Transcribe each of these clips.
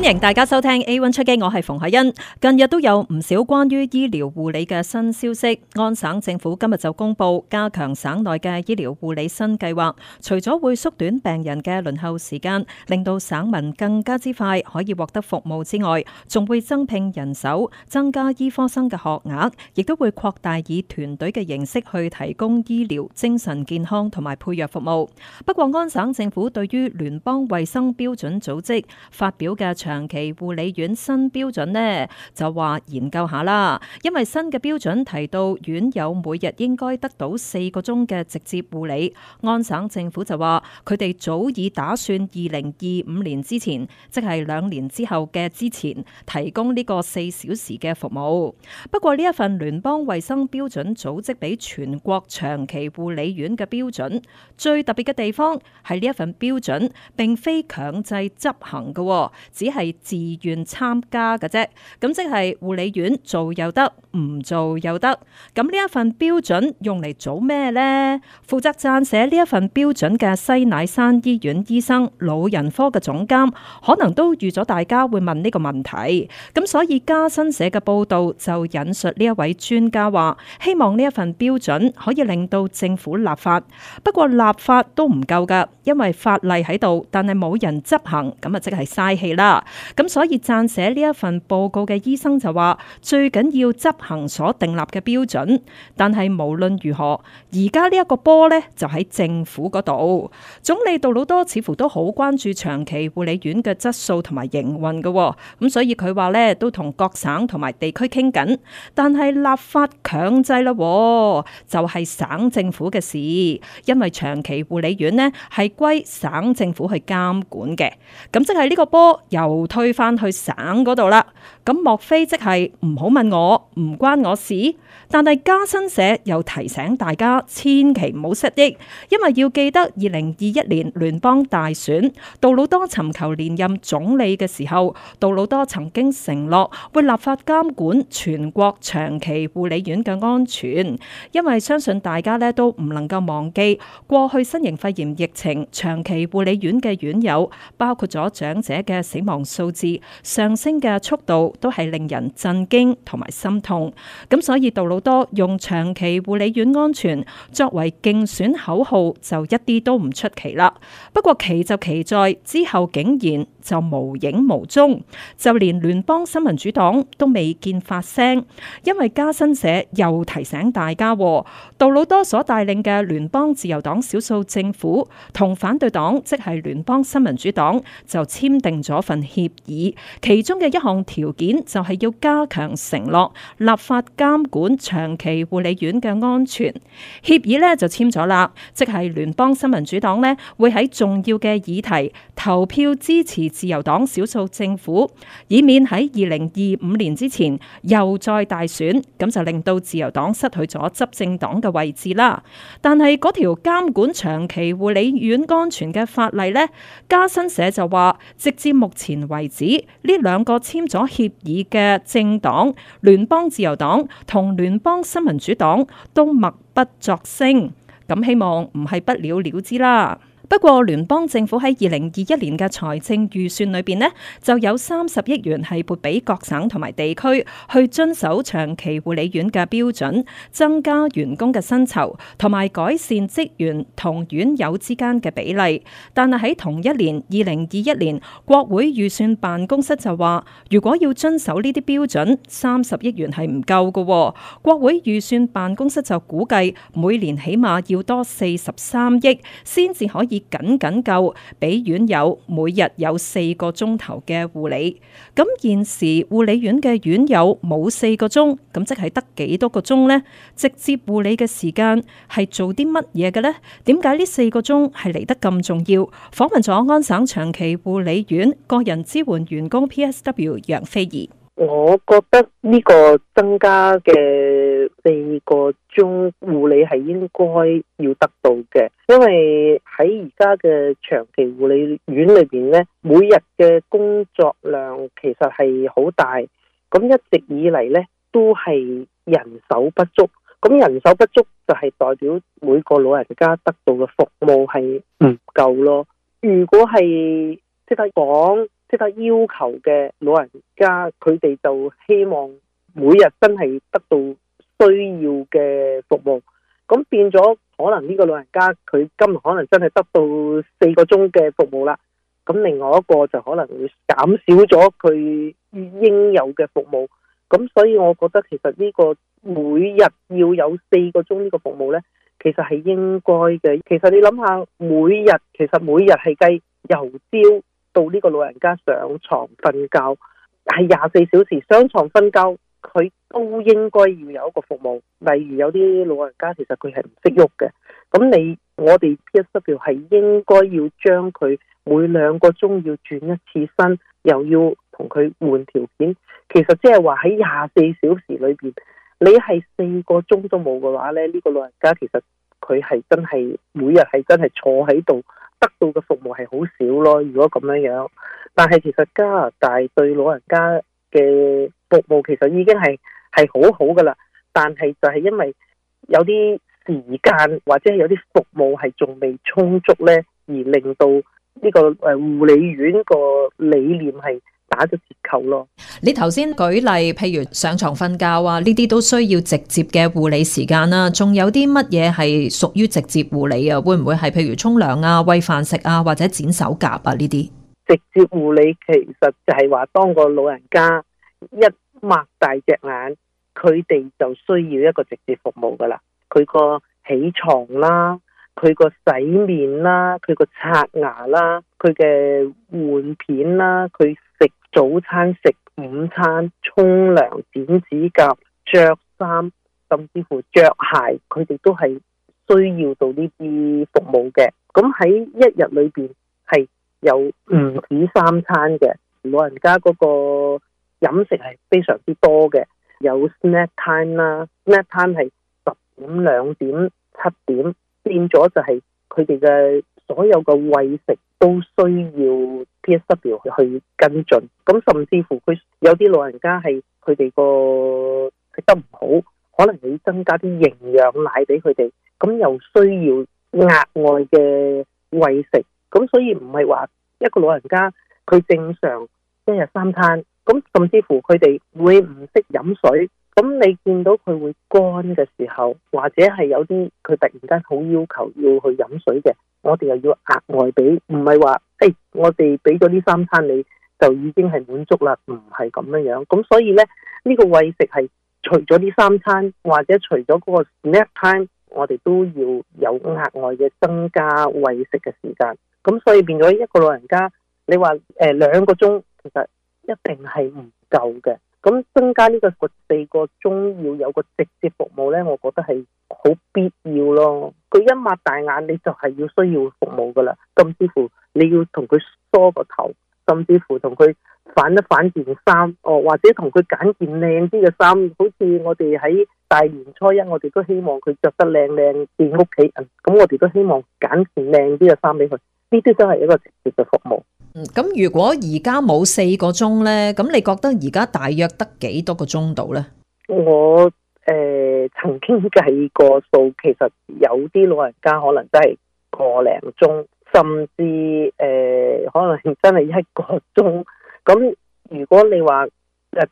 歡迎大家收聽 A1 出擊，我係馮海欣。近日都有唔少關於醫療護理嘅新消息。安省政府今日就公布加強省內嘅醫療護理新計劃，除咗會縮短病人嘅輪候時間，令到省民更加之快可以獲得服務之外，仲會增聘人手，增加醫科生嘅學額，亦都會擴大以團隊嘅形式去提供醫療、精神健康同埋配藥服務。不過，安省政府對於聯邦衛生標準組織發表嘅長期護理院新標準呢，就話研究下啦，因為新嘅標準提到院友每日應該得到四個鐘嘅直接護理。安省政府就話佢哋早已打算二零二五年之前，即係兩年之後嘅之前，提供呢個四小時嘅服務。不過呢一份聯邦衞生標準組織俾全國長期護理院嘅標準，最特別嘅地方係呢一份標準並非強制執行嘅，哦，只係係自願參加嘅啫，咁即係護理院做又得，唔做又得。咁呢一份標準用嚟做咩呢？負責撰寫呢一份標準嘅西乃山醫院醫生老人科嘅總監，可能都預咗大家會問呢個問題。咁所以加新社嘅報道就引述呢一位專家話，希望呢一份標準可以令到政府立法。不過立法都唔夠噶，因為法例喺度，但係冇人執行，咁啊即係嘥氣啦。咁所以撰寫呢一份報告嘅醫生就話，最緊要執行所訂立嘅標準。但係無論如何，而家呢一個波呢，就喺政府嗰度。總理杜魯多似乎都好關注長期護理院嘅質素同埋營運嘅。咁所以佢話呢，都同各省同埋地區傾緊。但係立法強制啦，就係、是、省政府嘅事，因為長期護理院呢，係歸省政府去監管嘅。咁即係呢個波由……推返去省嗰度啦，咁莫非即係唔好問我，唔關我事？但係加新社又提醒大家，千祈唔好失憶，因為要記得二零二一年聯邦大選，杜魯多尋求連任總理嘅時候，杜魯多曾經承諾會立法監管全國長期護理院嘅安全，因為相信大家咧都唔能夠忘記過去新型肺炎疫情長期護理院嘅院友，包括咗長者嘅死亡。數字上升嘅速度都係令人震驚同埋心痛，咁所以杜魯多用長期護理院安全作為競選口號就一啲都唔出奇啦。不過奇就奇在之後竟然就無影無蹤，就連聯邦新民主黨都未見發聲，因為加新社又提醒大家，杜魯多所帶領嘅聯邦自由黨少數政府同反對黨，即係聯邦新民主黨就簽訂咗份。協議其中嘅一項條件就係要加強承諾立法監管長期護理院嘅安全。協議呢就簽咗啦，即係聯邦新民主黨呢會喺重要嘅議題投票支持自由黨少數政府，以免喺二零二五年之前又再大選，咁就令到自由黨失去咗執政黨嘅位置啦。但係嗰條監管長期護理院安全嘅法例呢，加新社就話，直至目前。為止，呢兩個簽咗協議嘅政黨——聯邦自由黨同聯邦新民主黨——都默不作聲，咁希望唔係不了了之啦。不過聯邦政府喺二零二一年嘅財政預算裏邊呢，就有三十億元係撥俾各省同埋地區去遵守長期護理院嘅標準，增加員工嘅薪酬同埋改善職員同院友之間嘅比例。但係喺同一年二零二一年，國會預算辦公室就話，如果要遵守呢啲標準，三十億元係唔夠嘅。國會預算辦公室就估計每年起碼要多四十三億先至可以。僅僅夠俾院友每日有四個鐘頭嘅護理。咁現時護理院嘅院友冇四個鐘，咁即係得幾多個鐘呢？直接護理嘅時間係做啲乜嘢嘅呢？點解呢四個鐘係嚟得咁重要？訪問咗安省長期護理院個人支援員工 P.S.W. 楊飛兒。我覺得呢個增加嘅四個鐘護理係應該要得到嘅，因為喺而家嘅長期護理院裏邊呢，每日嘅工作量其實係好大，咁一直以嚟呢都係人手不足，咁人手不足就係代表每個老人家得到嘅服務係唔夠咯。如果係即係講。即刻要求嘅老人家，佢哋就希望每日真係得到需要嘅服務。咁變咗，可能呢個老人家佢今日可能真係得到四個鐘嘅服務啦。咁另外一個就可能會減少咗佢應有嘅服務。咁所以，我覺得其實呢個每日要有四個鐘呢個服務咧，其實係應該嘅。其實你諗下，每日其實每日係計由朝。到呢個老人家上床瞓覺，係廿四小時上床瞓覺，佢都應該要有一個服務。例如有啲老人家其實佢係唔識喐嘅，咁你我哋 PSW 係應該要將佢每兩個鐘要轉一次身，又要同佢換條片。其實即係話喺廿四小時裏邊，你係四個鐘都冇嘅話咧，呢個老人家其實佢係真係每日係真係坐喺度。得到嘅服務係好少咯，如果咁樣樣，但係其實加拿大對老人家嘅服務其實已經係係好好㗎喇，但係就係因為有啲時間或者係有啲服務係仲未充足呢，而令到呢個誒護理院個理念係打咗折扣咯。你頭先舉例，譬如上床瞓覺啊，呢啲都需要直接嘅護理時間啦，啊。仲有啲乜嘢係屬於直接護理啊？會唔會係譬如沖涼啊、餵飯食啊，或者剪手甲啊呢啲？直接護理其實就係話，當個老人家一擘大隻眼，佢哋就需要一個直接服務噶啦。佢個起床啦，啊。佢個洗面啦，佢個刷牙啦，佢嘅換片啦，佢食早餐、食午餐、沖涼、剪指甲、着衫，甚至乎着鞋，佢哋都係需要到呢啲服務嘅。咁喺一日裏邊係有唔止三餐嘅。老人家嗰個飲食係非常之多嘅，有 snack time 啦，snack time 係十點、兩點、七點。變咗就係佢哋嘅所有嘅餵食都需要 P.S.W 去跟進，咁甚至乎佢有啲老人家係佢哋個食得唔好，可能你增加啲營養奶俾佢哋，咁又需要額外嘅餵食，咁所以唔係話一個老人家佢正常一日三餐，咁甚至乎佢哋會唔識飲水。咁你見到佢會乾嘅時候，或者係有啲佢突然間好要求要去飲水嘅，我哋又要額外俾，唔係話，誒，我哋俾咗呢三餐你就已經係滿足啦，唔係咁樣樣。咁所以呢，呢個餵食係除咗呢三餐，或者除咗嗰個 meal time，我哋都要有額外嘅增加餵食嘅時間。咁所以變咗一個老人家，你話誒，兩個鐘，其實一定係唔夠嘅。咁、嗯、增加呢個個四個鐘要有個直接服務呢，我覺得係好必要咯。佢一擘大眼你就係要需要服務噶啦，甚至乎你要同佢梳個頭，甚至乎同佢反一反件衫哦，或者同佢揀件靚啲嘅衫。好似我哋喺大年初一，我哋都希望佢着得靚靚見屋企人。咁我哋都希望揀件靚啲嘅衫俾佢，呢啲都係一個直接嘅服務。咁如果而家冇四個鐘呢？咁你覺得而家大約得幾多個鐘度呢？我誒、呃、曾經計過數，其實有啲老人家可能真係個零鐘，甚至誒、呃、可能真係一個鐘。咁如果你話誒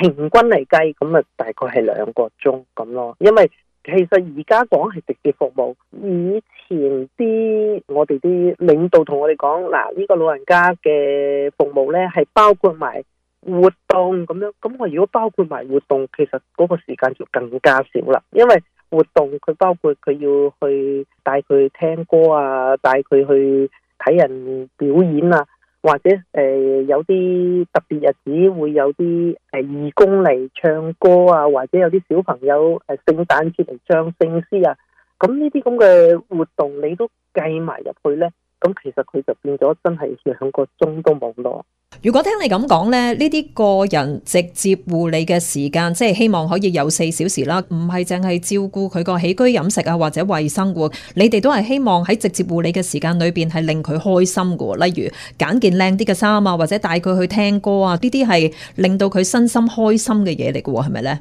平均嚟計，咁啊大概係兩個鐘咁咯，因為。其實而家講係直接服務，以前啲我哋啲領導同我哋講，嗱、這、呢個老人家嘅服務呢係包括埋活動咁樣，咁我如果包括埋活動，其實嗰個時間就更加少啦，因為活動佢包括佢要去帶佢聽歌啊，帶佢去睇人表演啊。或者誒、呃、有啲特別日子會有啲誒、呃、義工嚟唱歌啊，或者有啲小朋友誒、呃、聖誕節嚟唱聖詩啊，咁呢啲咁嘅活動你都計埋入去咧，咁、嗯、其實佢就變咗真係兩個鐘都冇咯。如果聽你咁講呢，呢啲個人直接護理嘅時間，即係希望可以有四小時啦，唔係淨係照顧佢個起居飲食啊，或者衛生嘅。你哋都係希望喺直接護理嘅時間裏邊，係令佢開心嘅。例如揀件靚啲嘅衫啊，或者帶佢去聽歌啊，呢啲係令到佢身心開心嘅嘢嚟嘅，係咪呢？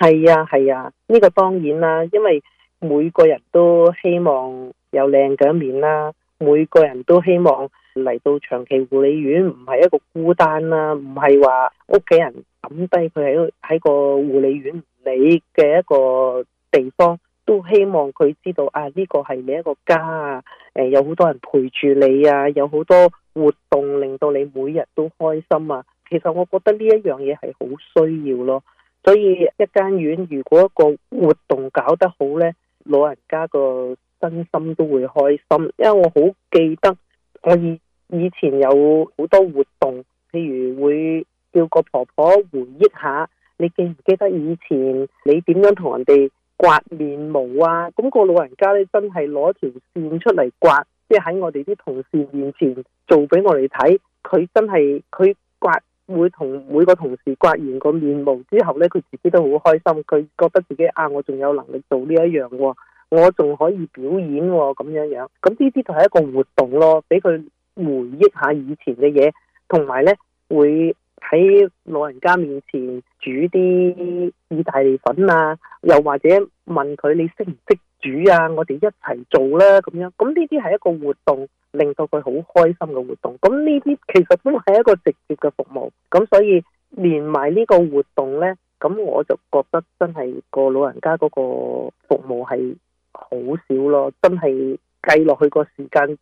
係啊係啊，呢個當然啦，因為每個人都希望有靚嘅一面啦，每個人都希望。嚟到長期護理院唔係一個孤單啦、啊，唔係話屋企人抌低佢喺喺個護理院唔理嘅一個地方，都希望佢知道啊呢、這個係你一個家啊，誒、呃、有好多人陪住你啊，有好多活動令到你每日都開心啊。其實我覺得呢一樣嘢係好需要咯，所以一間院如果個活動搞得好呢，老人家個身心都會開心。因為我好記得我以以前有好多活動，譬如會叫個婆婆回憶下，你記唔記得以前你點樣同人哋刮面毛啊？咁、那個老人家咧真係攞條線出嚟刮，即係喺我哋啲同事面前做俾我哋睇。佢真係佢刮會同每個同事刮完個面毛之後咧，佢自己都好開心。佢覺得自己啊，我仲有能力做呢一樣喎、哦，我仲可以表演喎、哦、咁樣樣。咁呢啲就係一個活動咯，俾佢。回憶下以前嘅嘢，同埋呢會喺老人家面前煮啲意大利粉啊，又或者問佢你識唔識煮啊？我哋一齊做啦，咁樣咁呢啲係一個活動，令到佢好開心嘅活動。咁呢啲其實都係一個直接嘅服務，咁所以連埋呢個活動呢，咁我就覺得真係個老人家嗰個服務係好少咯，真係計落去個時間。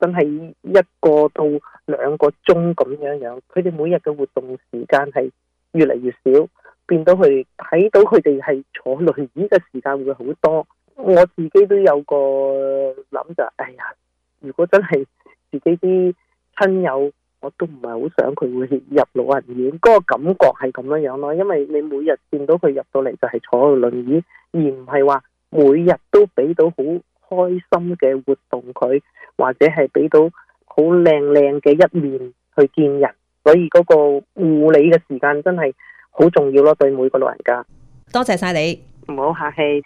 真係一個到兩個鐘咁樣樣，佢哋每日嘅活動時間係越嚟越少，變到佢睇到佢哋係坐輪椅嘅時間會好多。我自己都有個諗就係，哎呀，如果真係自己啲親友，我都唔係好想佢會入老人院，嗰個感覺係咁樣樣咯。因為你每日見到佢入到嚟就係坐輪椅，而唔係話每日都俾到好。開心嘅活動，佢或者係俾到好靚靚嘅一面去見人，所以嗰個護理嘅時間真係好重要咯，對每個老人家。多謝晒你，唔好客氣。